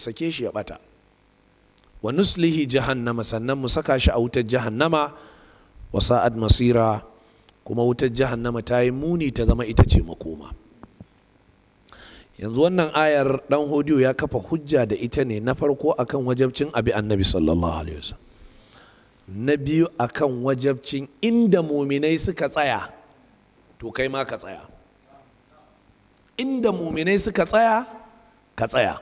sake shi ya bata wa nuslihi jahannama sannan mu saka shi a wutar jahannama wa sa'ad masira kuma wutar jahannama ta yi muni ta zama ita ce makoma yanzu wannan ayar dan hodiyo ya kafa hujja da ita ne na farko akan wajabcin abi annabi sallallahu alaihi wasallam na biyu akan wajabcin inda muminai suka tsaya to kai ma ka tsaya inda muminai suka tsaya ka tsaya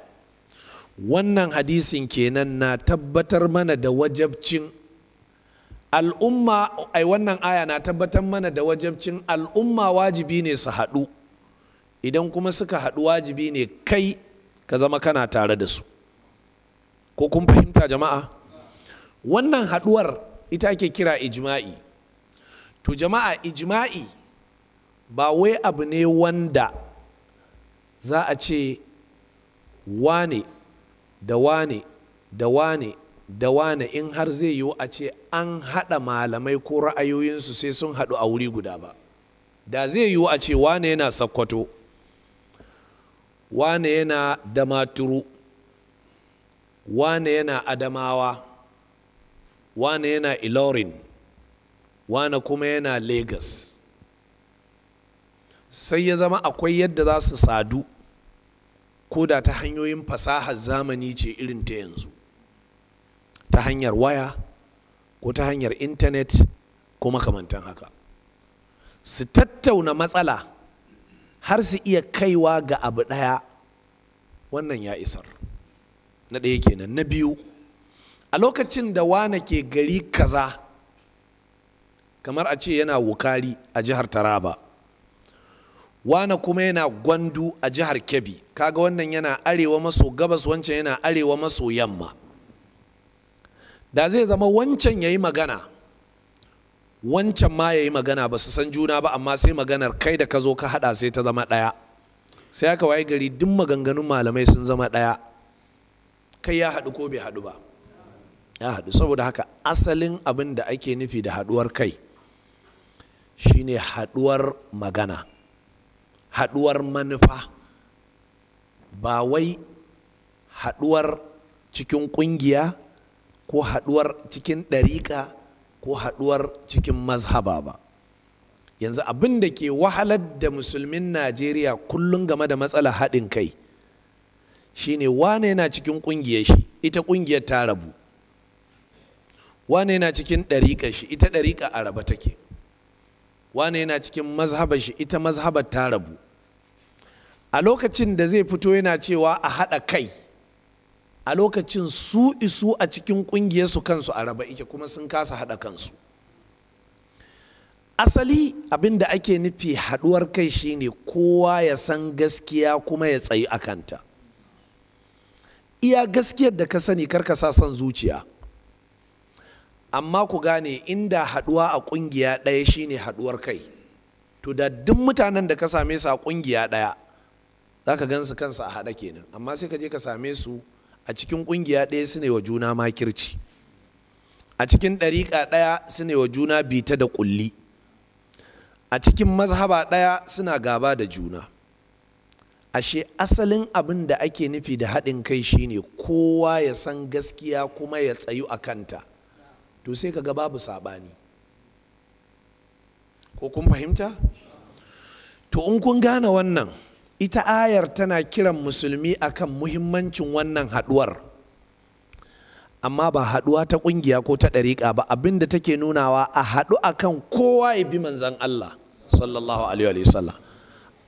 wannan hadisin kenan na tabbatar mana da wajabcin al'umma ai wannan aya na tabbatar mana da wajabcin al'umma wajibi ne su haɗu idan kuma suka haɗu wajibi ne kai ka zama kana tare da su ko kun fahimta jama'a wannan haɗuwar ita ke kira ijma'i to jama'a ijma'i ba wai abu ne wanda za a ce wane da wane da wane da wane in har zai yiwu a ce an haɗa malamai ko ra'ayoyinsu sai sun haɗu a wuri guda ba da zai yiwu a ce wane yana sakkwato wane yana damaturu wane yana adamawa wane yana ilorin wane kuma yana Legas. sai ya zama akwai yadda za su sadu ko da ta hanyoyin fasahar zamani ce irin ta yanzu ta hanyar waya ko ta hanyar intanet ko makamantan haka su tattauna matsala har su iya kaiwa ga abu ɗaya wannan ya isar na ɗaya kenan na biyu a lokacin da wane ke gari kaza kamar a ce yana wukari a jihar taraba wana kuma yana gwandu a jihar kebbi kaga wannan yana arewa maso gabas wancan yana arewa maso yamma da zai zama wancan ya yi magana wancan ma ya yi magana ba su san juna ba amma sai maganar kai da ka zo ka haɗa sai ta zama ɗaya sai aka waye gari duk maganganun malamai sun zama ɗaya kai ya haɗu ko bai haɗu ba ya haɗu saboda haka asalin abin da ake nufi da haɗuwar kai shine haɗuwar magana haɗuwar manufa ba wai haɗuwar cikin ƙungiya ko haɗuwar cikin ɗariƙa ko haɗuwar cikin mazhaba ba yanzu abin da ke wahalar da musulmin najeriya kullum game da matsalar haɗin kai shine wane yana cikin ƙungiyar shi ita ƙungiyar ta rabu wane yana cikin ɗariƙa shi ita ɗariƙa araba take wane yana cikin mazhabar shi ita mazhabar ta rabu a lokacin da zai fito yana cewa a haɗa kai a lokacin su isu a cikin ƙungiyarsu kansu a raba ike kuma sun kasa haɗa kansu asali abin da ake nufi haɗuwar kai shine kowa ya san gaskiya kuma ya tsayi a kanta iya gaskiyar da ka sani karka sa son zuciya amma ku gane inda haɗuwa a ƙungiya ɗaya shine haɗuwar kai to da duk mutanen da ka same su a ƙungiya ɗaya za ka gan su kansu a haɗa kenan amma sai ka je ka same su a cikin ƙungiya ɗaya su ne wa juna makirci a cikin ɗariƙa ɗaya su ne wa juna bita da ƙulli a cikin mazhaba ɗaya suna gaba da juna ashe asalin abin da ake nufi da haɗin kai shine kowa ya san gaskiya kuma ya tsayu a kanta to sai ka ga babu saɓani ko kun fahimta to in kun gane wannan ita ayar tana kiran musulmi akan muhimmancin wannan haɗuwar amma ba haɗuwa ta ƙungiya ko ta ɗariƙa ba abinda take nunawa a haɗu akan kowa ya bi manzan Allah sallallahu alaihi wasallam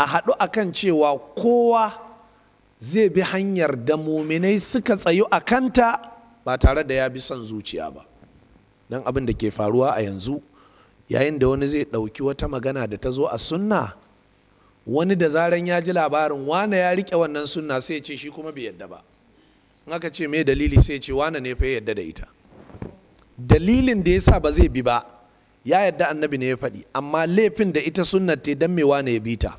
a haɗu akan cewa kowa zai bi hanyar da muminai suka tsayu a kanta ba tare da ya bi son zuciya ba don abin da ke faruwa a yanzu yayin da wani zai ɗauki wata magana da ta zo a sunna wani da zaran ya ji labarin wane ya riƙe wannan sunna sai ce shi kuma bai yadda ba in aka ce mai dalili sai ce wane ne fa yadda da ita dalilin da ya sa ba zai bi ba ya yadda annabi ne ya faɗi amma laifin da ita sunna te dan mai wane ya bi ta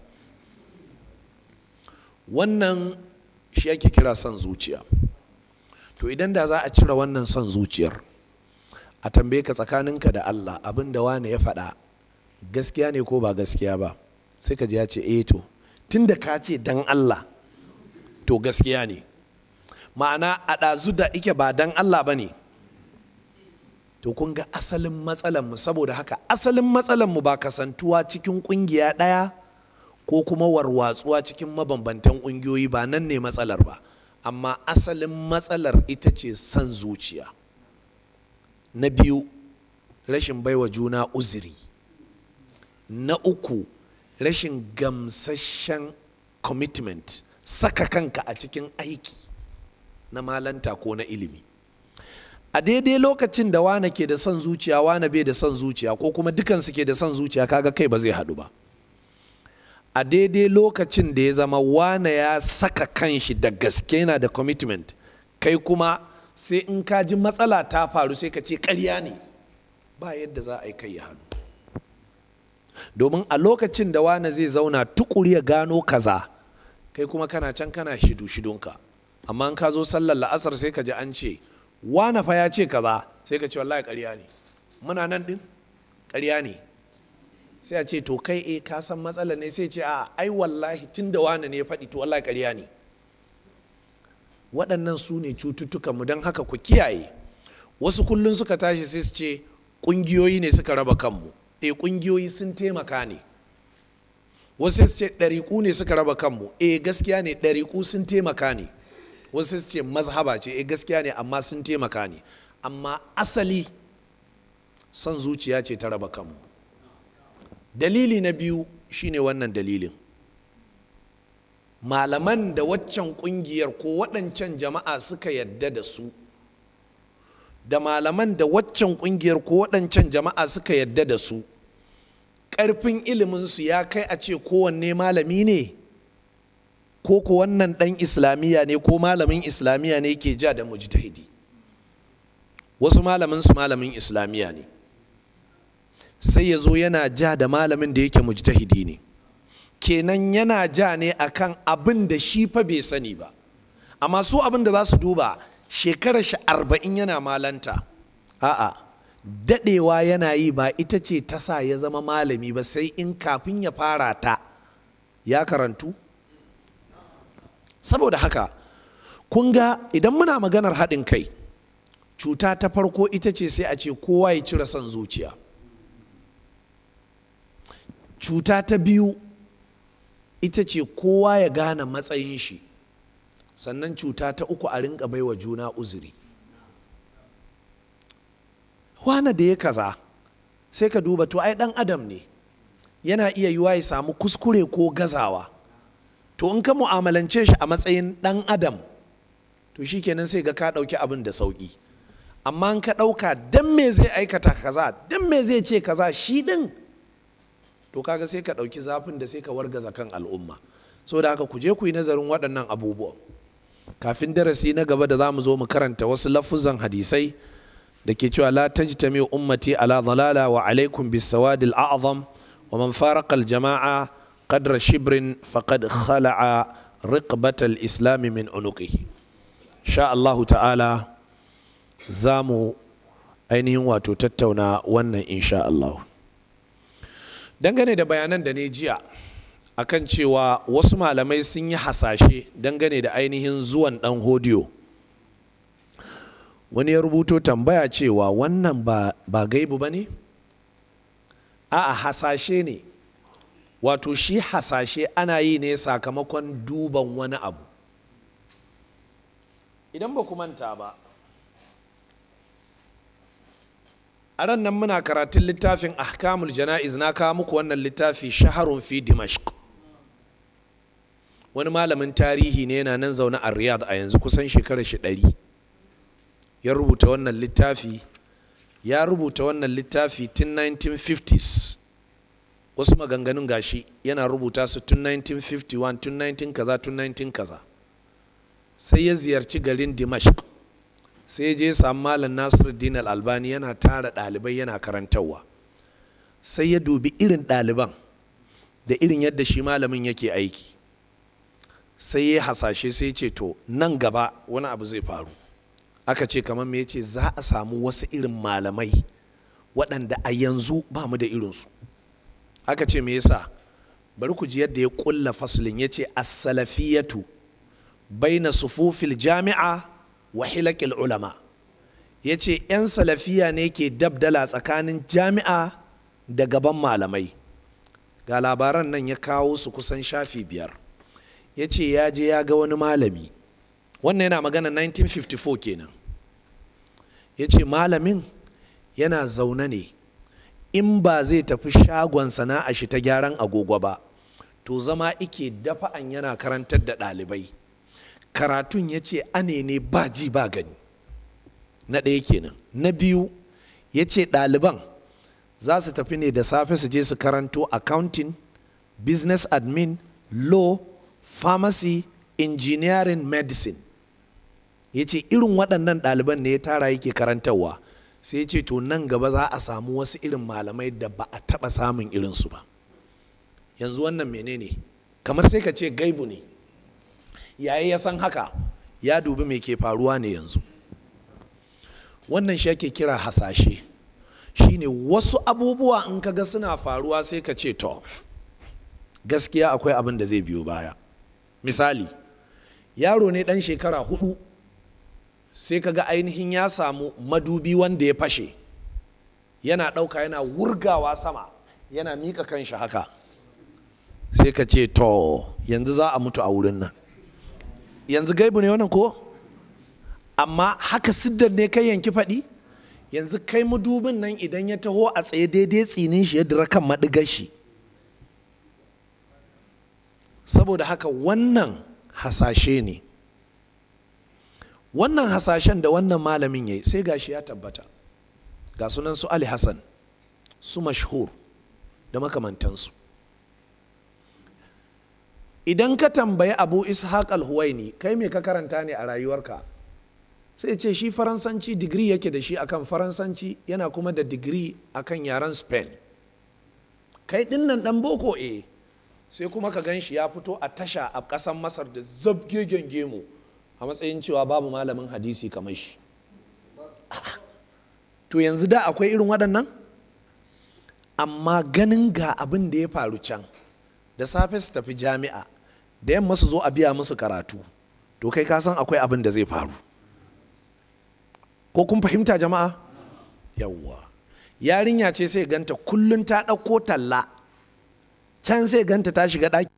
wannan shi ake kira son zuciya to idan da za a cire wannan son zuciyar a tambaye ka tsakaninka da Allah abin da wane ya faɗa gaskiya ne ko ba gaskiya ba sai ka ji ya ce eh to da ka ce dan Allah to gaskiya ne ma'ana a ɗazu da ike ba dan Allah ba ne to kun ga asalin matsalar mu saboda haka asalin matsalar mu ba kasantuwa cikin ƙungiya ɗaya ko kuma warwatsuwa cikin mabambantan ƙungiyoyi ba nan ne matsalar ba amma asalin matsalar ita ce son zuciya na biyu rashin baiwa juna uzuri na uku rashin gamsashen commitment saka kanka a cikin aiki na malanta ko na ilimi a daidai lokacin da wane ke da son zuciya wane bai da son zuciya ko kuma dukansu ke da son zuciya kaga kai ba zai haɗu ba a daidai lokacin da ya zama wane ya saka kanshi da gaske yana da commitment kai kuma sai in ka ji matsala ta faru sai ka ce ƙarya ne ba yadda za a yi kai ya hannu domin a lokacin da wane zai zauna tukuri ya gano kaza kai kuma kana can kana shidu shidunka amma in ka zo sallar la'asar sai ka ji an ce wane fa ya ce kaza sai ka ce wallahi ƙarya ne muna nan din ƙarya ne sai a ce to kai e ka san matsala ne sai ce a ai wallahi tun da wane ne ya faɗi to wallahi ƙarya ne waɗannan su ne mu. don haka ku kiyaye wasu kullum suka tashi sai su ce ƙungiyoyi ne suka raba kanmu e ƙungiyoyi sun taimaka ne wasu sai su ce ɗariƙu ne suka raba kanmu e gaskiya ne ɗariƙu sun taimaka ne wasu sai su ce mazhaba ce e gaskiya ne amma sun taimaka ne amma asali son zuciya ce ta raba kanmu dalili na biyu shine wannan dalilin malaman da waccan kungiyar ko waɗancan jama'a suka yadda da su da malaman da waccan kungiyar ko waɗancan jama'a suka yadda da su ƙarfin iliminsu ya kai a ce kowanne malami ne ko ko wannan ɗan islamiyya ne ko malamin islamiyya ne ke ja da mujtahidi wasu malamin su malamin islamiyya ne sai ya zo yana ja da malamin da yake mujtahidi ne kenan yana ja ne akan abin da shi fa bai sani ba amma su abin da za su duba shekarar shi arba'in yana malanta a'a daɗewa yana yi ba ita ce ta sa ya zama malami ba sai in kafin ya fara ta ya karantu saboda haka kun ga idan muna maganar haɗin kai cuta ta farko ita ce sai a ce kowa ya cire son zuciya cuta ta biyu ita ce kowa ya gane matsayin shi sannan cuta ta uku a rinka baiwa juna uzuri wane da ya kaza sai ka duba to ai dan adam ne yana iya yiwa ya samu kuskure ko gazawa to in ka mu'amalance shi a matsayin dan adam to shi sai ga ka ɗauki abin da sauƙi amma in ka ɗauka dan me zai aikata kaza dan me zai ce kaza shi ɗin to kaga sai ka ɗauki zafin da sai ka wargaza kan al'umma da haka ku je ku yi nazarin waɗannan abubuwan kafin darasi na gaba da za mu zo mu karanta wasu lafuzan hadisai da ke cewa la tajtami ummati ala dalala wa alaikum bis sawadil a'zam wa man faraqa al jama'a qadra shibrin faqad khala'a riqbatal islam min unuqihi sha Allah ta'ala za mu ainihin wato tattauna wannan insha Allah dangane da bayanan da ne jiya akan cewa wasu malamai sun yi hasashe dangane da ainihin zuwan dan hodiyo wani ya rubuto tambaya cewa wannan ba gaibu ba ne a'a hasashe ne wato shi hasashe ana yi ne sakamakon duban wani abu idan ba ku manta ba a ran nan muna karatun littafin ahkamul jana'iz na kawo muku wannan littafi shaharun fi dimashq wani malamin tarihi ne yana nan zaune a riyadh a yanzu kusan shekarar shi ɗari ya rubuta wannan littafi ya rubuta wannan littafi tun 1950s wasu maganganun gashi yana rubuta su tun 1951 tun 19 kaza tun 19 kaza sai ya ziyarci garin dimashq sai je samu malam nasiruddin dina albani yana tara ɗalibai yana karantarwa sai ya dubi irin ɗaliban da irin yadda shi malamin yake aiki sai ya hasashe sai ce to nan gaba wani abu zai faru aka ce kamar me ce za a samu wasu irin malamai waɗanda a yanzu ba mu da irinsu aka ce me yasa bari ku ji yadda ya kulla faslin ya ce as-salafiyatu baina sufufil jami'a wa hilakil ulama ya ce 'yan salafiya ne ke dabdala tsakanin jami'a da gaban malamai ga labaran nan ya kawo su kusan shafi biyar yace ce ya je ya ga wani malami wannan yana magana 1954 kenan yace malamin yana zaune ne in ba zai tafi shagon sana'a shi ta gyaran agogo ba to zama ike dafa'an yana karantar da ɗalibai karatun ya ce ane ne ba ji ba gani na ɗaya kenan na biyu ya ce ɗaliban za su tafi ne da safe su je su karanto accounting business admin law pharmacy engineering medicine ya ce irin waɗannan ɗaliban ne ya tara yake karantarwa sai ya ce to nan gaba za a samu wasu irin malamai da ba a taɓa samun irinsu ba yanzu wannan menene kamar sai ka ce gaibu ne yayi ya san haka ya dubi me ke faruwa ne yanzu wannan shi ake kira hasashe shine wasu abubuwa in ka ga suna faruwa sai ka ce to gaskiya akwai abin da zai biyo baya misali yaro ne dan shekara hudu sai ka ga ainihin ya samu madubi wanda ya fashe yana dauka yana wurgawa sama yana miƙa kanshi haka sai ka ce to yanzu za a mutu a wurin nan yanzu gaibu ne wannan ko amma haka siddar ne kai yanki faɗi yanzu kai madubin nan idan ya taho a tsaye daidai tsinin shi ya dira kan maɗigar shi saboda haka wannan hasashe ne wannan hasashen da wannan malamin ya yi sai gashi ya tabbata ga sunan su ali hassan su mashhur da makamantansu idan ka tambayi abu ishaq alhuwaini kai me ka karanta ne a rayuwarka sai ce shi faransanci digiri yake da shi akan faransanci yana kuma da digiri akan yaren spain kai dinnan dan boko e sai kuma ka gan shi ya fito a tasha a ƙasan masar da zabgegen gemu a matsayin cewa babu malamin hadisi kamar shi to yanzu da akwai irin waɗannan amma ganin ga abin da ya faru can da safe su tafi jami'a da yamma su zo a biya musu karatu to kai ka san akwai abin da zai faru ko kun fahimta jama'a yawwa yarinya ce sai ganta kullun ta ɗauko talla can sai ganta ta shiga ɗaki